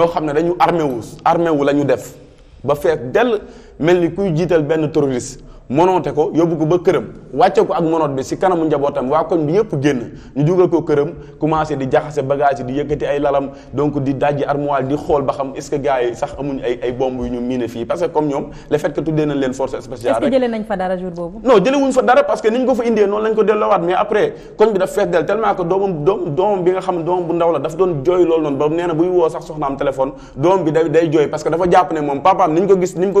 ñoo xam ne dañu armé wu armé wu la ñu def ba feek dell mel ni kuy jiital benn terroriste monote ko yóbbu ko ba këram wàcce ko ak monote bi si kanamu njabootam waa koñ bi yëpp génn ñu dugal ko këram commencé di jaxase bagage yi di yëkkati ay lalam donc di dajji armoire di xool ba xam est-ce que gars yi sax amuñ ay ay bomb yu ñu miine fii parce que comme ñoom le fait que tuddee nañ leen force spéciale rek est nañ fa dara jour boobu non jële wuñ fa dara parce ni ñu ko fa indee noonu lañ ko delloowaat mais après koñ bi la daf doon jooy loolu noonu ba nee na buy woo sax soxnaam téléphone doom bi day dafa jàpp ne moom papaam ni ñu ko gis ni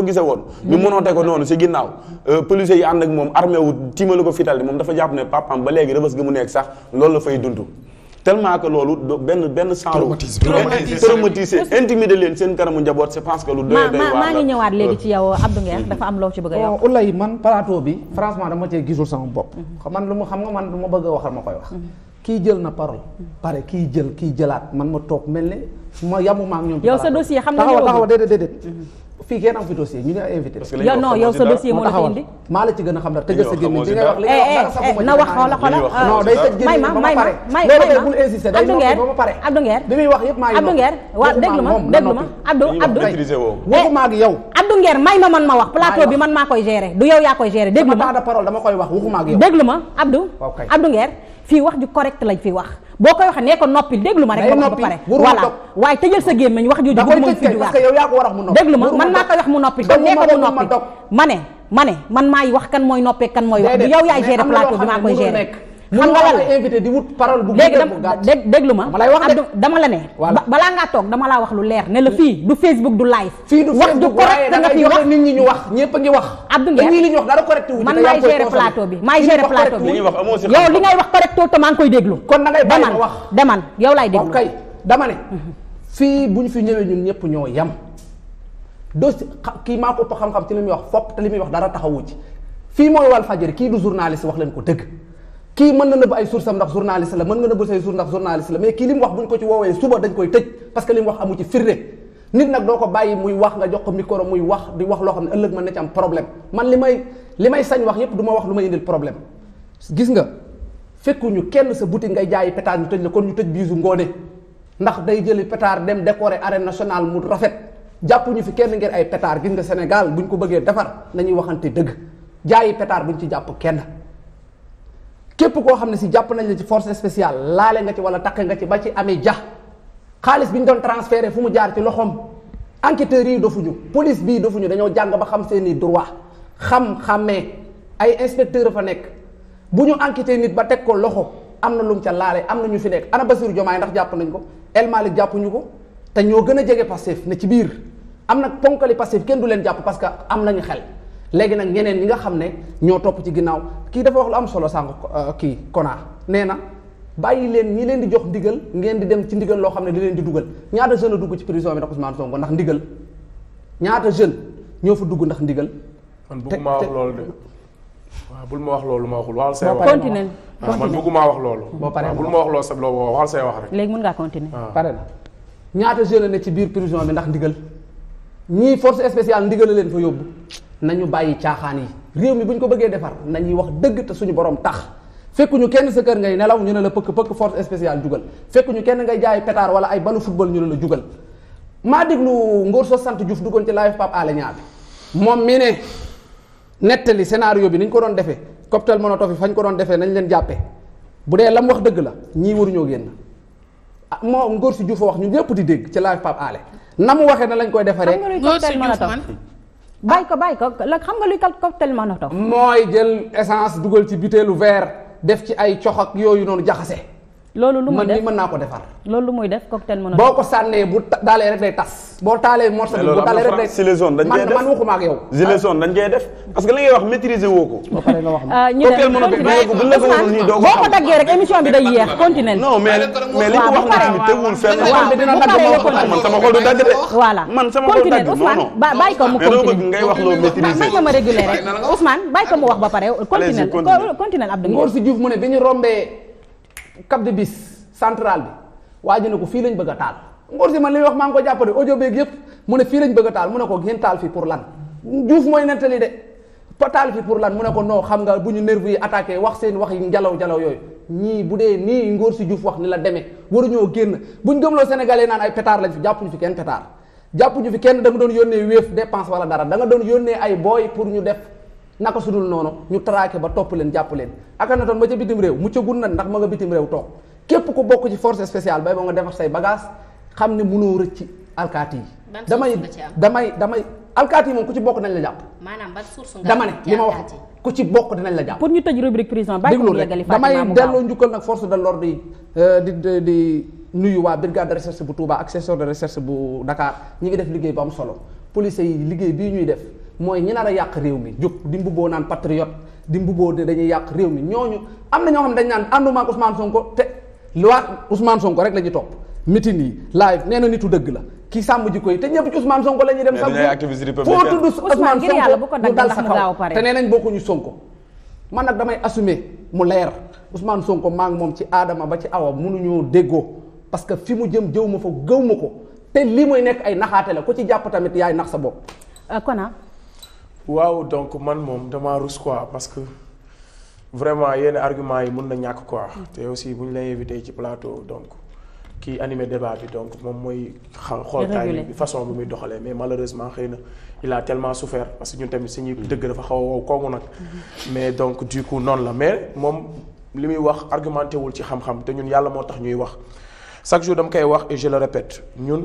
Euh, police yi ànd ak moom armé wu tiimale ko fital moom dafa jàpp ne papaam ba léegi rëbës gi nekk sax loolu la fay dund tellement loolu benn benn genre traumatisé intimidé leen seen kanamu njaboot je pense maa ngi ñëwaat euh. léegi ci yow Abdou dafa am loo ci bëgg a yokk ulay man plateau bi franchement dama cee gisul sama bopp mhm. man lu ma xam nga man lu ma bëgg a waxal ma koy wax mhm. kii jël na parole pare kii jël kii jëlaat man ma toog mel ne ma fii kenn am fi dossier ñu ngi ay sa dossier moo la ko indi. maa a xam ndax tëjal sa gémmiñ li ngay wax li eh, eh, na wax xoola xoola non day ma pare loolu kay bul insister day noppi ba ma pare Abdou Nguer bi wax yëpp maa ngi Abdou Nguer waaw déglu ma déglu ma Abdou Abdou waxuma Abdou Nguer may ma man ma wax plateau man maa koy gérer du yow yaa koy gérer déglu ma dama koy wax waxuma ak yow ma Abdou Abdou Nguer fii wax ju correct lañ fi wax boo koy waxee nee ko noppil déglu ma rek ba pare voilà waaye tëjal sa gémmiñ wax jooju bëgg moom fi du wax déglu ma man maa koy wax mu noppil kon nee ko mu noppi ma ne man maay wax kan mooy noppee kan mooy wax du yow yaay gérer plateau bi maa koy gérer xam nga a invité di wut parole bu léegi déglu ma Abdou dama la ne balaa ngaa toog dama laa wax lu leer ne la mm. fii du Facebook du live fii du wax du correct da nga fi wax nit ñi ñu wax ñëpp ngi wax Abdou Nguer ñii li ñu wax dara correct wu man maay gérer plateau bi kon na ngay wax daman yow laay déglu kay dama ne mhm. fii bu ñu fi ñëwee ñun ñëpp ñoo yam dossier kii maa ko ëpp xam-xam ci li muy wax fopp te li muy wax dara taxawu ci fii mooy Walfadjri kii du journaliste wax leen ko dëgg kii mën na nëbb ay source am ndax journaliste la mën nga nëbb say source la mais kii li mu wax buñ ko ci woowee suba dañ koy tëj parce li mu wax amu ci firnde nit nag doo ko bàyyi muy wax nga jox ko micro muy wax di wax loo xam ne ëllëg mën na am problème man li may li may sañ wax yépp du ma wax lu may indil problème gis nga fekkuñu kenn sa boutique ngay jaayi pétard ñu tëj la kon ñu tëj biisu ngoone ndax day jëli pétard dem décorer arène national mu rafet jàppuñu fi kenn ngir ay pétard gis nga Sénégal buñ ko bëggee defar nañuy waxante dëgg jaayi pétard buñ ci jàpp kenn képp koo xam ne si jàpp nañ la ci force spéciale laale nga ci wala takk nga ci ba ci amee ja xaalis bi ñu doon transféré fu mu jaar ci loxoom enquêteurs yi dofuñu police bii dofuñu dañoo jàng ba xam seeni droit xam-xamee ay inspecteur fa nekk bu ñu enquêté nit ba teg ko loxo am na lu mu ca laale am na ñu fi nekk ana Bassirou Diomaye ndax jàpp nañ ko El Malick jàppuñu ko te ñoo gën a jege Pastef ne ci biir am na ponkali Pastef kenn du leen jàpp parce que am nañu xel léegi nag ñeneen ñi nga xam ne ñoo topp ci ginnaaw kii dafa wax lu am solo sànq euh, kii konaa nee na bàyyi leen ñi leen di jox ndigal ngeen di dem ci ndigal loo xam ne di leen di dugal ñaata jeune a ci prison bi ndax Ousmane Sonko ndax ñaata jeune ñoo fa dugg ndax ndigal. man bëgguma wax loolu de waaw bul ma wax loolu ma waxul. waxal say wax continue ah, man bëgguma wax loolu. boo ah, ma wax loolu sa loolu waxal say wax rek. léegi mën ngaa continuer. pare na ñaata jeune a ne ci biir prison bi ndax ndigal. ñii force spéciale ndigal leen fa yóbbu nañu bàyyi caaxaan yi réew mi bu ñu ko bëggee defar nañuy wax dëgg te suñu borom tax fekkuñu kenn sa kër ngay nelaw ñu ne la pëkk pëkk force spéciale jugal fekkuñu kenn ngay jaay pétard wala ay balu football ñu ne la jugal maa déglu Ngor so sant Diouf duggoon ci live Pape Alé Niang bi moom mi ne nettali scénario bi ni ko doon defee cocktail Molotov yi fañ ko doon defee nañ leen jàppe bu dee lam wax dëgg la ñii waruñoo génn ah moo Ngor si Diouf wax ñëpp di dégg ci live Pape Alé na mu waxee na lañ koy defaree. nga bàyyi ko bàyyi ko la xam nga luy cocktail molotov mooy jël essence dugal ci butéelu veer def ci ay cox ak yooyu noonu jaxase. loolu lu muy def man mii mën naa ko defar. loolu lu muy def cocktail mën a. boo ko sànnee bu daalee rek day tas. boo taalee morceau bi bu taalee rek day. gilets jaunes dañ koy def man man waxuma ak yow. gilets jaunes dañ koy def parce que li ngay wax maîtriser woo ko. ba pare nga wax ma. Ah, ñu dem boo ko daggee rek émission bi day yéex continue. non mais mais li ko wax nga tamit teguwul fenn. waaw man sama xol du dagg de. voilà man sama xol dagg non non. bàyyi ko mu continue ngay wax loo maîtriser. ma ma réguler rek Ousmane bàyyi ko mu wax ba pare continue continue Abdou Ngor si Diouf mu ne bi ñu rombee cap de bis central bi waa ju ne ko fii lañ bëgg a taal Ngor si man li wax maa ngi ko jàppale audio beeg yëpp mu ne fii lañ bëgg a taal mu ne ko ngeen taal fii pour lan Diouf mooy nettali de pa taal fii pour lan mu ne ko noo xam nga bu ñu nerve yi attaqué wax seen wax yi njalaw njalaw yooyu ñii bu dee nii Ngor si Diouf wax ni la demee waruñoo génn bu ñu gëmloo Sénégalais naan ay pétard lañ fi jàppuñu fi kenn pétard ñu fi kenn da nga doon yónnee wéef dépense wala dara da doon yónnee ay booy pour ñu def naka suñul noonu ñu traqué ba topp leen jàpp leen Akhenaton ba ca bitim réew mu ca gun na ndax ma nga bitim réew toog képp ku bokk ci force spéciale bay ba nga defar say bagage xam ne mënoo rëcc alkaati yi. damay damay damay alkaati yi moom ku ci bokk nañ la jàpp. maanaam ban source nga dama ne li ma wax ku ci bokk dinañ la jàpp. pour ñu tëj rubrique prison bàyyi ko yeggali damay delloo njukkal nag force de l'ordre yi euh, di di nuyu waa brigade de recherche bu Touba ak section de recherche bu Dakar ñi ngi def liggéey bu am solo police yi liggéey bii ñuy def mooy ñi nar a yàq réew mi jug di mbubboo naan patriote di mbubboo ne dañuy yàq réew mi ñooñu am na ñoo xam ne dañ naan ànduma ak Sonko te lu waat Ousmane Sonko rek la ñuy topp mitin yi live nee na nitu dëgg la ki sàmm jikko yi te ñëpp ci Ousmane Sonko la ñuy dem. sàmm foo tudd Ousmane Sonko mu dal sa kaw te nee nañ bokkuñu Sonko man nag damay assumer mu leer usmaan Sonko maa ngi moom ci aadama ba ci awa mënuñoo déggoo parce que fi mu jëm jëw ma fa gëw ma ko te lii mooy nekk ay naxaate la ko ci jàpp tamit yaay nax sa bopp euh, waaw donc man moom damaa rus quoi parce que vraiment yenn argument yi mun na ñàkk quoi. Mm. te aussi bu ñu la invité ci plateau donc kii animé débat bi donc moom mooy. xa xool taay bi façon bi muy doxalee mais malheureusement xëy na il a tellement souffert parce que ñun tamit suñuy mm. dëgg dafa xaw a wow kooku nag. Mm-hmm. mais donc du coup noonu la mais moom li muy wax argumenté wul ci xam-xam te ñun yàlla moo tax ñuy wax chaque jour dama koy wax et je répète ñun.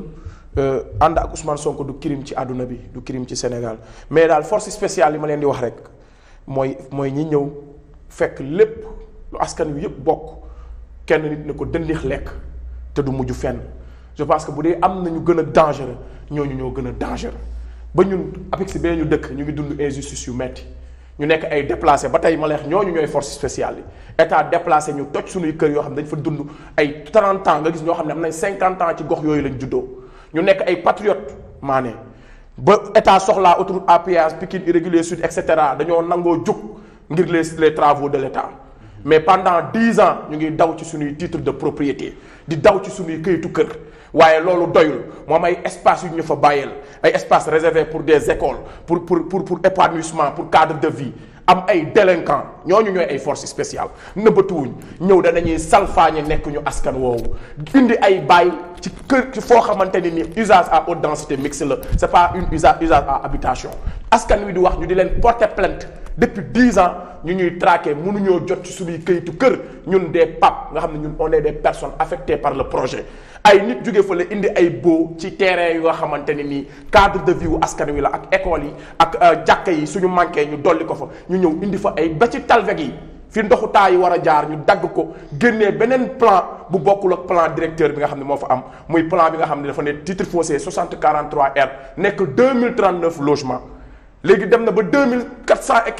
Euh, ànd ak Ousmane Sonko du crime ci àdduna bi du crime ci Sénégal mais daal force spéciale yi ma leen di wax rek mooy mooy ñi ñëw fekk lépp lu askan wi yëpp bokk kenn nit ne ko dëndix lekk te du mujj fenn je pense que bu dee am na ñu gën a ñoo ñooñu ñoo gën a dangereux ba ñun APEX bee ñu dëkk ñu ngi dund injustice yu metti ñu nekk ay déplacé ba tey ma leex ñooñu ñooy force spéciale yi état déplacé ñu toj suñuy kër yoo xam ne dañ fa dund ay 30 ans ñoo xam ne am nañ 50 ans ci gox yooyu lañ juddoo. ñu nekk ay patriotes maane ba état soxlaa autoroute à péage Pikine irrégulier sud et cetera dañoo nangoo jug ngir les les travaux de l' état mais pendant dix ans ñu ngi daw ci suñuy titre de propriété di daw ci suñuy këyitu kër waaye loolu doyul moom ay espace yu ñu fa bàyyeel ay espace réservé pour des écoles pour pour pour pour épanouissement pour cadre de vie am ay ñoo ñu ñooy ay force spéciale nëbbatuwuñ ñëw danañuy salfaañe nekkuñu ñu askan woowu indi ay bail ci kër foo xamante ni ni usage à haute densité mixte la c'est pas une usage usage à habitation askan wi di wax ñu di leen porter plainte depuis dix ans ñu ñuy traqué mënuñoo jot ci suñuy këyitu kër ñun des pap nga xam ne ñun on est des personne affecté par le projet ay nit jóge fa la indi ay boo ci terrain yoo xamante ne nii cadre de vie wu askan wi la ak école yi ak euh, jàkka yi suñu manqué ñu dolli ko fa ñu ñëw indi fa ay ba ci talweg yi fi ndoxu taa yi war a jaar ñu dagg ko génnee beneen plan bu bokkul ak plan directeur bi nga xam ne moo fa am muy plan bi nga xam ne dafa ne titre foncier 60 43 R nekk 2039 logements léegi dem na ba deux mille quatre cent et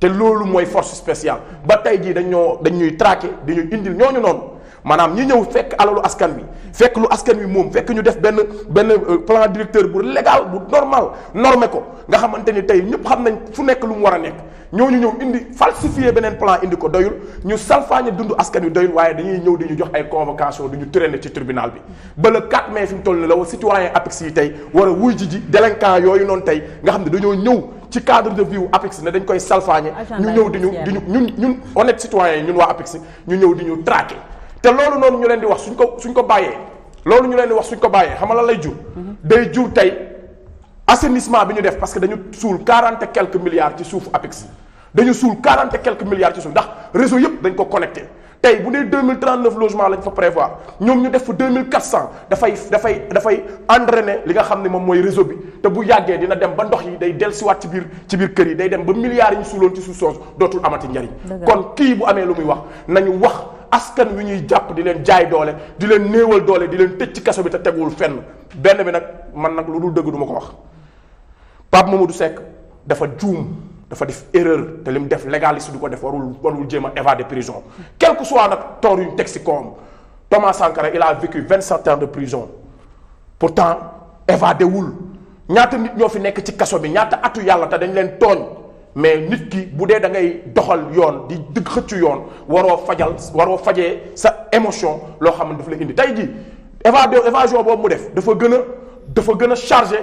te loolu mooy force spéciale ba tey jii dañ ñoo dañ ñuy traqué dañuy indil ñooñu noonu. maanaam ñi ñëw fekk alalu askan wi fekk lu askan wi moom fekk ñu def benn benn euh, plan directeur bu légal bu normal norme ko nga xamante ni tey ñëpp xam nañ fu nekk lu mu war a nekk ñooñu ñëw indi falsifier beneen plan indi ko doyul ñu salfaañe dund askan wi doyul waaye dañuy ñëw di ñu jox ay convocation du ñu traîner ci tribunal bi ba le 4 mai toll ni la wa citoyen APEX yi tey war a wuy ji ji délinquant yooyu noonu tey nga xam ne dañoo ñëw ci cadre de vie APEX ne dañ koy salfaañe ñu ñëw di ñu di ñu ñun ñun honnête citoyen yi ñun waa APEX ñu ñëw di ñu traqué te loolu noonu ñu leen di wax suñ ko suñ ko bàyyee loolu ñu leen di wax suñ ko bàyyee xam nga lan lay jur. day jur tey assainissement bi ñu def parce que dañu suul quarante et quelques ci suuf APEX dañu suul quarante et quelques milliards ci suuf ndax réseau yëpp dañ ko connecté. tey bu nee deux mille trente lañ fa prévoir ñoom ñu def fa deux mille quatre cent dafay dafay dafay entraîner li nga xam ne moom mooy réseau bi te bu yàggee dina dem ba ndox yi day dellusiwaat ci biir ci biir kër yi day dem ba milliards yi ñu suuloon ci suuf soosu dootul amati njariñ kon kii bu amee lu muy wax nañu wax. askan wi ñuy jàpp di leen jaay doole di leen néewal doole di leen tëj ci kaso bi te teguwul fenn benn bi nag man nag lu dul dëgg du ma ko wax ma du sekk dafa juum dafa def erreur te li mu def légaliste du ko def warul warul jéem a évader prison quel que soit nag tort yuñ teg si kawam Thomas Sankara il a vécu vingt sept ans de prison pourtant évadé wul ñaata nit ñoo fi nekk ci kaso bi ñaata atu yàlla te dañ leen tooñ mais nit ki bu dee da ngay doxal yoon di dëgg xëccu yoon waroo fajal waroo fajee sa émotion loo xam ne dafa la indi tey jii évado évasion boobu mu def dafa gën a dafa gën a chargé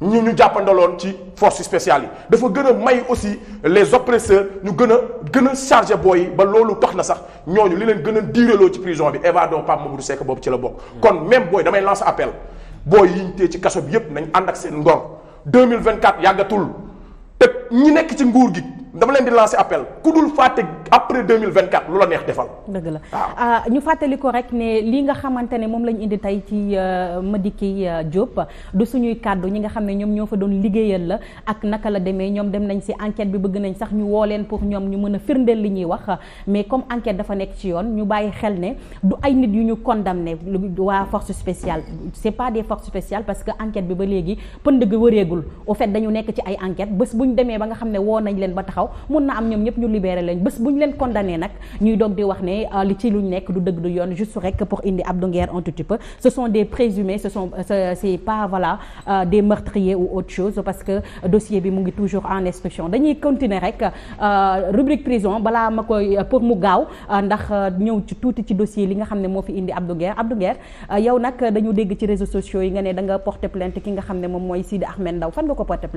ñi ñu jàppandaloon ci force spéciale yi dafa gën a may aussi les oppresseurs ñu gën a gën a chargé booy yi ba loolu tax na sax ñooñu li leen gën a diireloo ci prison bi évado Pape Mamadou Seck boobu ci la bokk. Hmm. kon même booy damay lancer appel booy yi ñu tee ci kaso bi yépp nañ ànd ak seen ngor 2024 yàggatul. ñi nekk ci nguur gi dama leen di lancer appel ku dul fàtte après lu la neex defal. dëgg la waaw ah, ñu fàttali ko rek ne lii nga xamante ne moom lañ indi tey ci ma euh, Madické euh, Diop du suñuy kàddu ñi nga xam ne ñoom ñoo fa doon liggéeyal la ak naka la demee ñoom dem nañ si enquête bi bëgg nañ sax ñu woo leen pour ñoom ñu mën a firndeel li ñuy wax mais comme enquête dafa nekk ci yoon ñu bàyyi xel ne du ay nit yu ñu condamné waa force spéciale c'est pas des forces spéciales parce que enquête bi ba léegi pënd gi wëreegul au fait nekk ci ay enquête bés bu ba nga xam ne woo nañ leen ba taxaw kaw mun na am ñoom ñëpp ñu libéré leen bés bu ñu leen condamné nag ñuy doog di wax ne euh, li ci luñ nekk du dëgg du yoon juste rek pour indi Abdou Nguer un tout petit peu des présumés ce sont euh, c'est pas voilà euh, des meurtriers ou autre parce que dossier bi mu ngi toujours en instruction dañuy continuer rek rubrique prison balaa ma koy pour mu gaaw ndax ñëw ci tuuti ci dossier li nga xam ne moo fi indi Abdou Nguer Abdou Nguer yow nag dañu dégg ci réseaux sociaux yi nga ne da nga porter plainte ki nga xam ne moom mooy Sidi Ahmed Ndaw fan nga ko porter